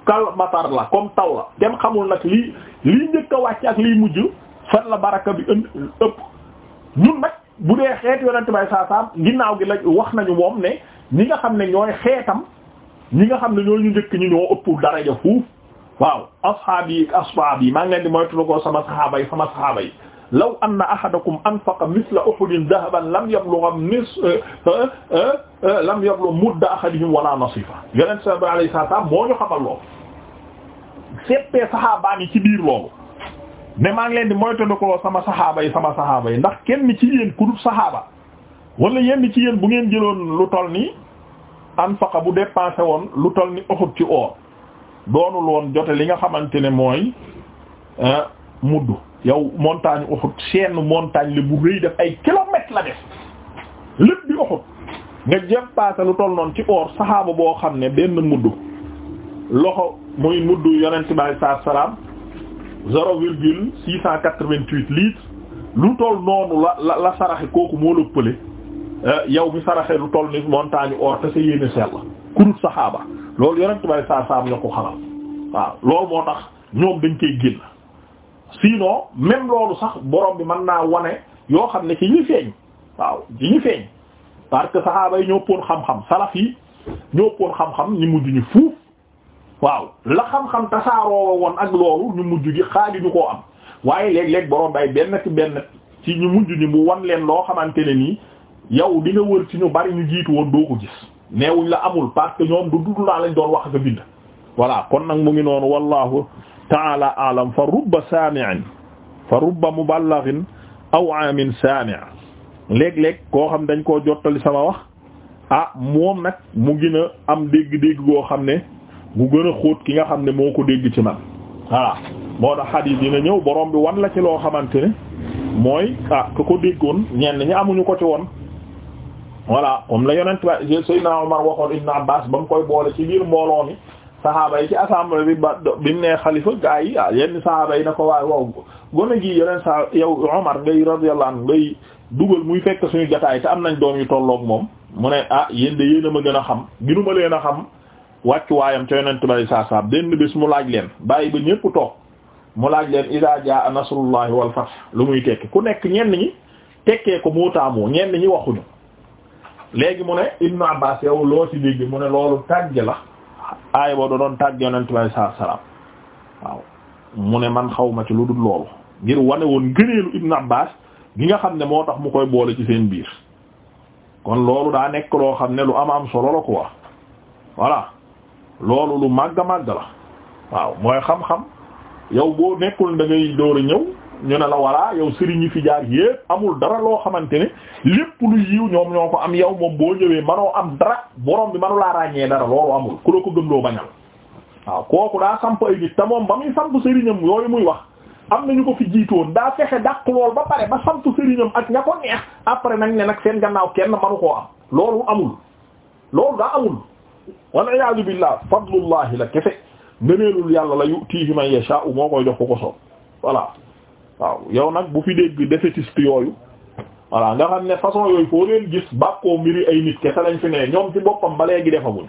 kalmatar la comme taw la dem xamul nag lii lii njëkk a wàcc ak lii mujj fan la baraka bi ënd ëpp ñun nag bu dee xeet yonent bay saa saam gi la wax nañu moom ne ñi nga xam ne ñooy xeetam ñi nga xam ne ñooñu njëkk ñu ñoo ëpp daraja fuuf waaw ashaab yi ashaab yi maa ngi di moytu ko sama saxaaba yi sama saxaaba yi law an anna ahadakum anfaqa misla uhudin dahaban lam yablugha mis eh, eh, eh, lam yablugha mudda ahadihim wala nasifa yonent sa ba alayhi salaam moo ñu xamal loolu seppee saxaabaa ngi ci biir loolu ne maa ngi leen di moytandikuloo sama saxaaba yi sama saxaaba yi ndax kenn ci yéen ku saxaaba wala yenn ci yéen bu ngeen jëloon lu tol nii anfaqa bu dépensé woon lu tol ni Uhud ci or doonul loon jote li nga xamante ne mooy euh, mudd yow montagne Uhud chaîne montagne la bu rëy def ay kilomètres la def lépp di Uhud nga jëf passé lu tol noon ci or saxaaba boo xam ne benn mudd loxo muy muddu yonent bi alayhi salaatu wa salaam zéro virgule six cent quatre-vingt-huit litres lu toll noonu la la saraxe kooku moo la pële euh, yow mi saraxe lu toll ni montagne or te sa yéene sell kurut saxaaba loolu yonent bi alayhi salaatu wa salaam ñoo ko xamal waaw loolu moo tax ñoom dañ koy génn sinon même loolu sax borom bi man naa wane yoo xam ne ci ñi feeñ waaw ci ñi feeñ parce que saxaaba yi ñoo poon xam-xam salaf yi ñoo poon xam-xam ñi mujj ñu fuuf waaw la xam-xam tasaaroo woon ak loolu ñu mujj gi xaali ñu koo am waaye léeg-léeg borom bay benn ci benn ci ñu mujj ni mu wan leen loo xamante ne nii yow di nga wër ci ñu bari ñu jiitu woon doo ko gis neewuñ la amul parce ñoom du dudd laa lañ doon wax ak bind voilà kon nag mu ngi noonu wallahu taala alam fa rubba saami'in fa rubba muballighin aw aamin saami' léeg-léeg koo xam dañ koo jottali sama wax ah moom nag mu gën a am dégg-dégg goo xam ne bu gën a xóot ki nga xam ne moo ko dégg ci man voilà moo tax xadiis dina ñëw borom bi wan la ci loo xamante ne mooy ah ko ko déggoon ñenn ñi amuñu ko ci woon voilà comme la yonent ba Seydina Omar waxoon Ibn Abbas ba mu koy boole ci biir mbooloo mi saxaaba yi ci assemblée bi ba bi mu nee xalifa gaa yi ah yenn saxaaba yi na ko waaye wow gone gi yeneen sax yow Omar ngay radiyallahu anhu ngay dugal muy fekk suñu jotaay te am nañ doom yu tolloog moom mu ne ah yéen de yéen ma gën a xam ginuma leen a xam wàccuwaayam ca yonent bay saa saa benn bis mu laaj leen bàyyi ba ñépp toog mu laaj leen idaa jaa nasrullahi wal fath lu muy tekki ku nekk ñenn ñi tekkee ko moo taamu ñenn ñi waxuñu léegi mu ne Ibnu Abbaas yow loo ci dégg mu ne loolu tàgg la aay boo da doon tàgg yonent bay saa salaam waaw mu ne man xaw ci lu dul loolu ngir wane woon gëneelu Ibnu Abbaas gi nga xam ne moo tax mu koy boole ci seen biir kon loolu daa nekk loo xam ne lu am am solo la loolu lu màgg màgg la waaw mooy xam-xam yow boo nekkul da ngay door a ñëw ñu ne la walla yow sëriñ yi fi jaar yépp amul dara loo xamante ne lépp lu yiw ñoom ñoo ko am yow moom boo ñëwee manoo am dara borom bi manu laa ràññee dara loolu amul ku la ko gëm doo bañal waaw kooku daa samp ay te moom ba muy samp sëriñam yooyu muy wax am nañu ko fi jiitoon daa fexe dàq lool ba pare ba samp sëriñam ak ña ko neex après nag ne nag seen gannaaw kenn manu koo am loolu amul loolu daa amul wal iyaadu billah fadlullahi la kefe ngëneelul yàlla la yutihi man yasha'u moo koy jox ku ko soob voilà waaw yow nag bu fi dégg défaitiste yooyu voilà nga xam ne façon yooyu foo leen gis bàkkoo mbiri ay nit kese lañ fi ne ñoom ci boppam ba léegi defaguñ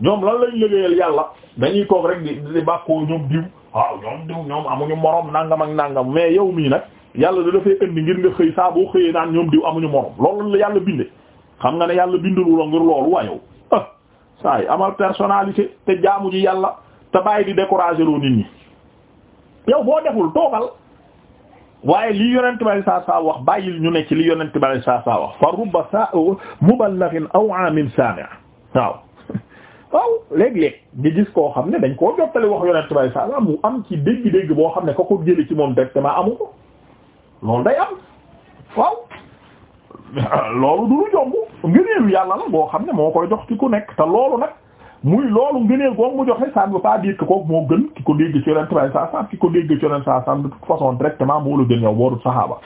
ñoom lan lañ liggéeyal yàlla dañuy toog rek di di bàkkoo ñoom diw waaw ñoom diw ñoom amuñu moroom nangam ak nangam mais yow mii nag yàlla da dafay indi ngir nga xëy saaboo boo xëyee naan ñoom diw amuñu moroom loolu yàlla binde xam nga ne yàlla bindul la ngir loolu waayow saa yi amal personnalité te jaamu ji yàlla te bàyyi di décourager nit ñi yow boo deful toogal waaye li yonent bari saa saa wax bàyyil ñu ne ci li yonent bari saa saa wax fa rubba sa muballighin aw amin sami' waaw waaw léeg-léeg nga gis koo xam ne dañ koo jottali wax yonent bari saa saa mu am ci dégg-dégg boo xam ne ka ko jële ci moom directement amu ko loolu day am waaw loolu du lu jomb ngëneelu yàlla la boo xam ne moo koy jox ci ku nekk te loolu nag muy loolu ngëneel googu mu joxe ça ne veut pas dire moo gën ki ko dégg ci yonent bay saa sam ki ko dégg ci yonent saa directement moo la gën yow boorul saxaaba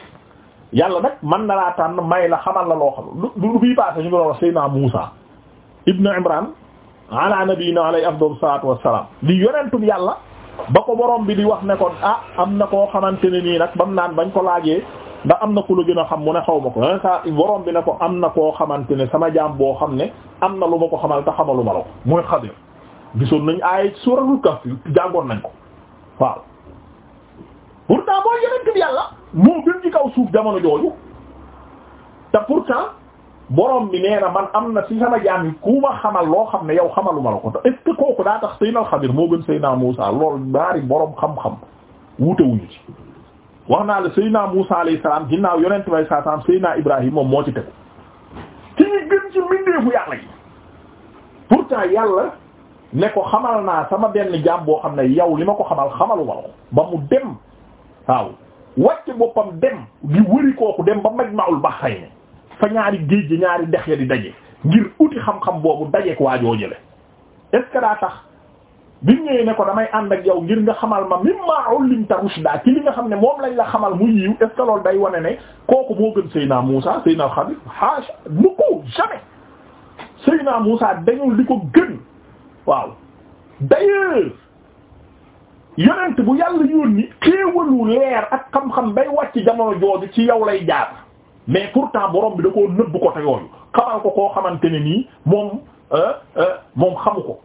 yàlla nag man na laa tànn may la xamal la loo xam du fii passé ñu ngi doon wax Seydina Muusa ibnu Imran ala nabiyina alayhi afdalu salaatu wassalaam di yonentum yàlla ba ko borom bi di wax ne ko ah am na koo xamante ne nii nag bam naan bañ ko laajee ndax am na ku la gën a xam mu ne xaw ma ko sa borom bi ne ko am na koo xamante ne sama jaam boo xam ne am na lu ma ko xamal te xamalu ma la ko mooy gisoon nañ ay suuratul jàngoon nañ ko waaw gën ci kaw suuf jamono jooju te pourtant borom bi nee na man am na ci sama jaam xamal loo xam ne yow xamalu ma la ko est-ce que kooku daa tax Seydina Xadir moo gën Seydina Muusa loolu baari boroom xam-xam wuute wuñu ci. wax naa la Seydina Musa alayhi salaam ginnaaw yonent bay saa saam Seydina Ibrahim moom moo ci tegu ci ñu gën ci mbindeefu yàlla yi pourtant yàlla ne ko xamal naa sama benn jaam boo xam ne yow li ma ko xamal xamalu ma ko ba mu dem waaw wàcc boppam dem di wëri kooku dem ba majma'ul bahrayn fa ñaari géej gi ñaari dex ya di daje ngir uti xam-xam boobu dajeek waajoo jële est daa tax bi ñëwee ne ko damay ànd ak yow ngir nga xamal ma mimma ullimta rushda ci li nga xam ne moom lañ la xamal mu yiw est day wane ne kooku moo gën Seyna Moussa Seyna Xadir haasha nu ko jamais Seyna Moussa dañu li ko gën waaw d'ailleurs yonent bu yàlla yónni xéewalu leer ak xam-xam bay wàcc jamono jooju ci yow lay jaar mais pourtant borom bi da koo nëbb ko te yooyu xamal ko koo xamante ne nii moom euh, euh, moom xamu ko.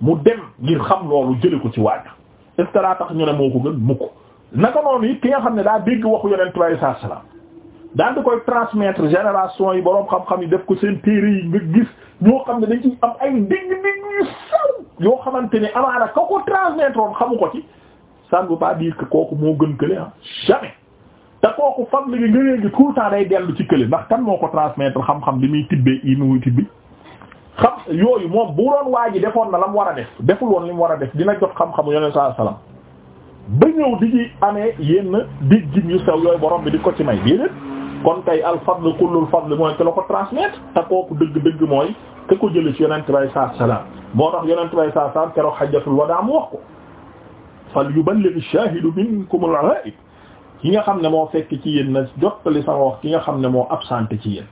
mu dem ngir xam loolu jële ko ci waaja est-ce que daa tax ñu ne moo ko gën mukk naka noonu it ki nga xam ne daa dégg waxu yonent bi saa salaam daal di koy transmettre génération yi boroom xam-xam yi def ko seen téere yi nga gis ñoo xam ne dañ ci am ay dégg dégg yu saw yoo xamante ni amaana ka ko transmettre woon xamu ko ci ça ne veut pas dire kooku moo gën kële ah jamais te kooku fam li gi ngënee gi tout temps day dell ci kële ndax kan moo ko transmettre xam-xam bi muy tibbee yi muy tibbi xam yooyu moom bu doon waa ji defoon na la mu war a def deful woon li mu war a def dina jot xam-xamu yoneen saa salaam ba ñëw di ci amee yenn digg yu sew yooyu borom bi di ko ci may déedéet kon tey al fadl kullul fadl mooy te la ko transmettre te kooku dëgg-dëgg mooy te ko jële ci yonent bay saa salaam moo tax yonent bay saa salaam keroog xajjatul wadaa mu wax ko fal yuballigh ash-shahidu minkumul ghaib ki nga xam ne moo fekk ci yéen na jottali sama wax ki nga xam ne moo absenté ci yéen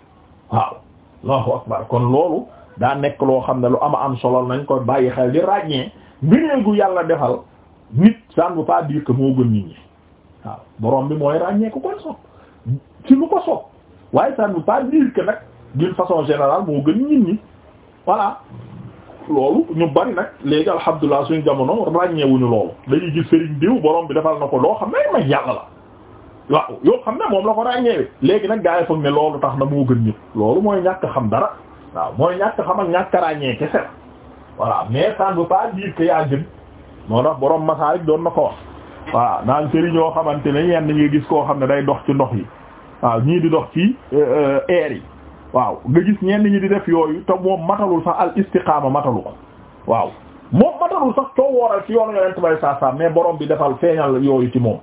waaw allahu akbar kon loolu daa nekk loo xam ne lu ama am solo nañ ko bàyyi xel di ràññee mbir gu yàlla defal nit ça ne veut pas dire que moo gën nit ñi waaw borom bi mooy ràññee ku ko sopp ci lu ko sopp waaye ça ne veut pas dire nag d'une façon général moo gën nit ñi voilà loolu ñu bari nag léegi alhamdulilah suñu jamono ràññeewuñu loolu dañuy gis sëriñ diw borom bi defal na ko loo xam ne may yàlla la yoo xam ne moom la ko ràññeewe léegi nag gaa yi foog ne loolu tax na moo gën ñëpp xam dara waaw mooy ñàkk xam ak ñàkk ràññee kese la voilà mais ça ne veut yaa gën moo tax boroom masaalik doon na ko wax voilà naan sëriñ yoo xamante ne yenn nga gis koo xam ne day dox ci ndox yi waaw ñii di dox ci euh, euh, air yi waaw nga gis ñenn ñi di def yooyu te moom matalul sax al istiqaama matalu ko waaw moom matalul sax coo wooral ci yoonu yonent bay saa saa mais borom bi defal feeñal yooyu ci moom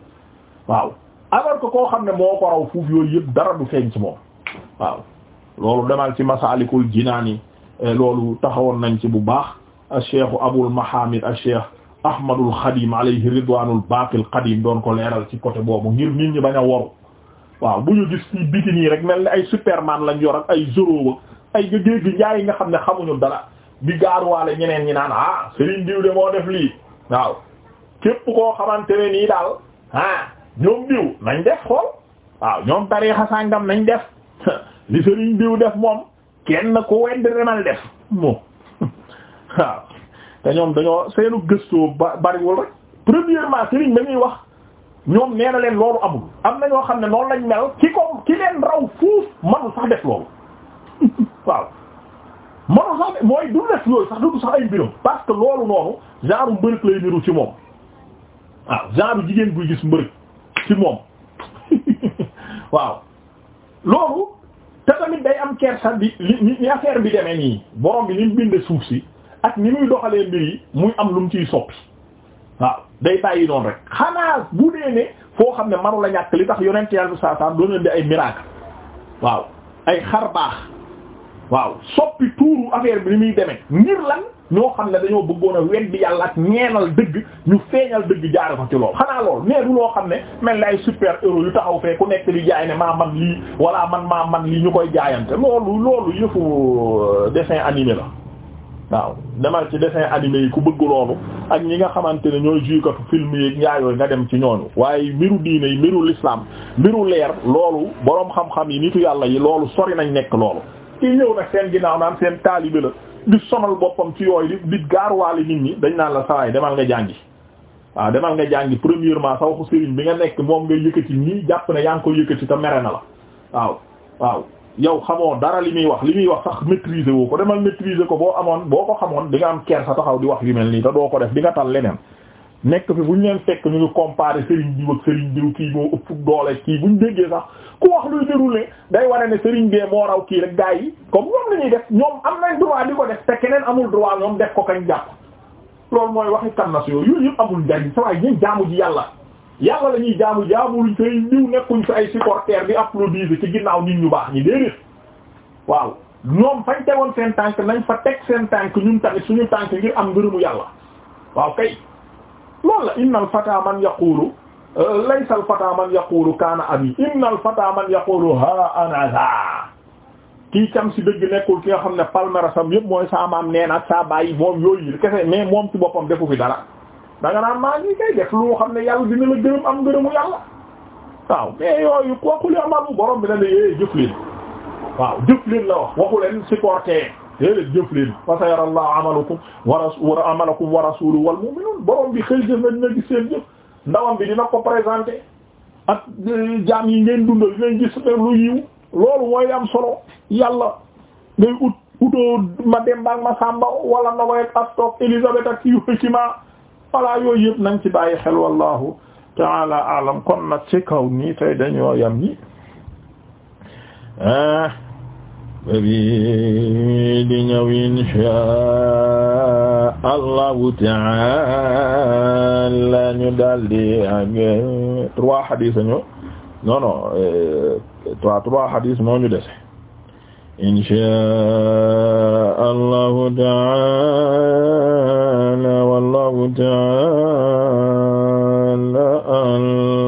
waaw alors que koo xam ne moo ko raw fuuf yooyu yëpp dara du feeñ ci moom waaw loolu demal ci masaalikul jinaan yi eh, loolu taxawoon nañ ci bu baax a cheikhu abul mahamid a cheikh ahmadul xadim alayhi ridwanul baqil qadim doon ko leeral ci côté boobu ngir nit ñi bañ a woru waaw bu ñu gis ci biti nii rek mel ni ay superman lañ yor ak ay zoroba ay nga géegi njaay nga xam ne xamuñu dara di gaaruwaale ñeneen ñi naan ah Serigne diw de moo def lii waaw képp koo xamante ne nii daal ah ñoom diw nañ def xool waaw ñoom tariixa sàngam nañ li sëriñ diw def moom kenn ku wedd remal def moom waaw te ñoom dañoo seenu gëstoo ba bariwul rek premièrement sëriñ dañuy wax ñoom nee na leen loolu amul am na ñoo xam ne noonu lañ mel ki ko ki leen raw fuuf manu sax def loolu waaw manu sax mooy du def yooyu sax du sax ay mbiram parce que loolu noonu genre mbërëk lay niru ci moom waaw genre jigéen buy gis mbërëk ci moom waaw loolu te tamit day am kersa bi li ni affaire bi demee nii borom bi ni mu suuf si ak ni muy doxalee mbir yi muy am lu mu ciy soppi waaw day bàyyi noonu rek xanaa bu dee ne foo xam ne manu la ñàkk li tax yonent yàlla saa saa doon leen di ay miracle waaw ay xar baax waaw soppi tuuru affaire bi ni muy demee ngir lan. ñoo xam ne dañoo bëggoon a weddi yàlla ak ñeenal dëgg ñu feeñal dëgg jaare ko ci lool xanaa lool mais du loo xam ne mel na ay super héros yu taxaw fee ku nekk li jaay ne maa man lii wala man maa man lii ñu koy jaayante loolu loolu yëfu euh, dessin animé la waaw demal ci dessin animé yi ku bëgg loolu ak ñi nga xamante ne ñooy jukatu film yi yaayooyu nga dem ci ñooñu waaye mbiru diine yi mbiru l'islam mbiru leer loolu boroom xam-xam yi nitu yàlla yi loolu sori nañ nekk loolu kii ñëw nag seen ginnaaw naan seen taalibe la di sonal boppam ci yooyu di di gaaruwaale nit ñi dañ naan la sawaay demal nga jàngi waaw demal nga jàngi premièrement sa waxu sëriñ bi nga nekk moom nga yëkkati nii jàpp ne yaa ngi ko yëkkati te mere na la waaw waaw yow xamoo dara li muy wax li muy wax sax maîtriser woo ko demal maîtriser ko boo amoon boo ko xamoon di nga am kersa taxaw di wax yu mel nii te doo ko def di nga tal leneen nekk fi bu ñu leen fekk ñu ngi comparer Serigne diw ak Serigne diw kii moo ëpp doole kii bu ñu déggee sax ku wax luy déroulé day wane ne Serigne bee moo raw kii rek gaa yi comme ñoom la ñuy def ñoom am nañ droit di ko def te keneen amul droit ñoom def ko kañ jàpp. loolu mooy waxi kannas yooyu yooyu yëpp amul njariñ sa waaye ñun jaamu ji yàlla yàlla la ñuy jaamu jaamuñ say diw nekkuñ si ay supporters bi applaudir ci ginnaaw nit ñu baax ñi déedéet waaw ñoom fañ tegoon seen tànk nañ fa teg seen tànk ñun tamit suñu tànk ngir am ngërëmu yàlla loolu la innal fata man yaqulu euh, laysa al fata man yaqulu kaana abi innal fata man ha ana kii cam si dëgg nekkul ki nga xam ne palmarèsam yëpp mooy saa maam nee saa bàyyi moom yooyu kese mais moom si boppam defu fi dara da nga naan maa ngi kay def lu xam ne yàlla dina la gërëm am gërëmu yàlla waaw mais yooyu kooku li amalu borom bi na la yee jëf waaw jëf la wax waxu leen supporter déedéet jëf leen fa sayara Allahu amalakum wa amalakum wa rasuluhu wal mu'minun borom bi xëy jëf na dina gis seen jëf ndawam bi dina ko présenté ak euh, jaam yi ngeen dundal dinañ gis lu yiw loolu mooy am solo yàlla ngay ut utoo ma Demba ak ma Samba wala Noé ak Astor Elisabeth ak Hiroshima voilà yooyu yëpp nañ ci bàyyi xel wallahu ta'ala a'lam kon nag ci kaw nii tey dañoo yam nii. Ah. bi di ñëw inshaa allahu taala ñu daldi ak trois hadis ñu non non trois trois hadis moo ñu dese inshaa allahu taala wallahu taala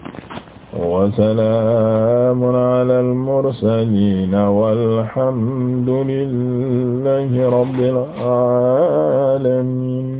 wasalaamun alal mursaliin walhamdu lillahi rabbil aalamiin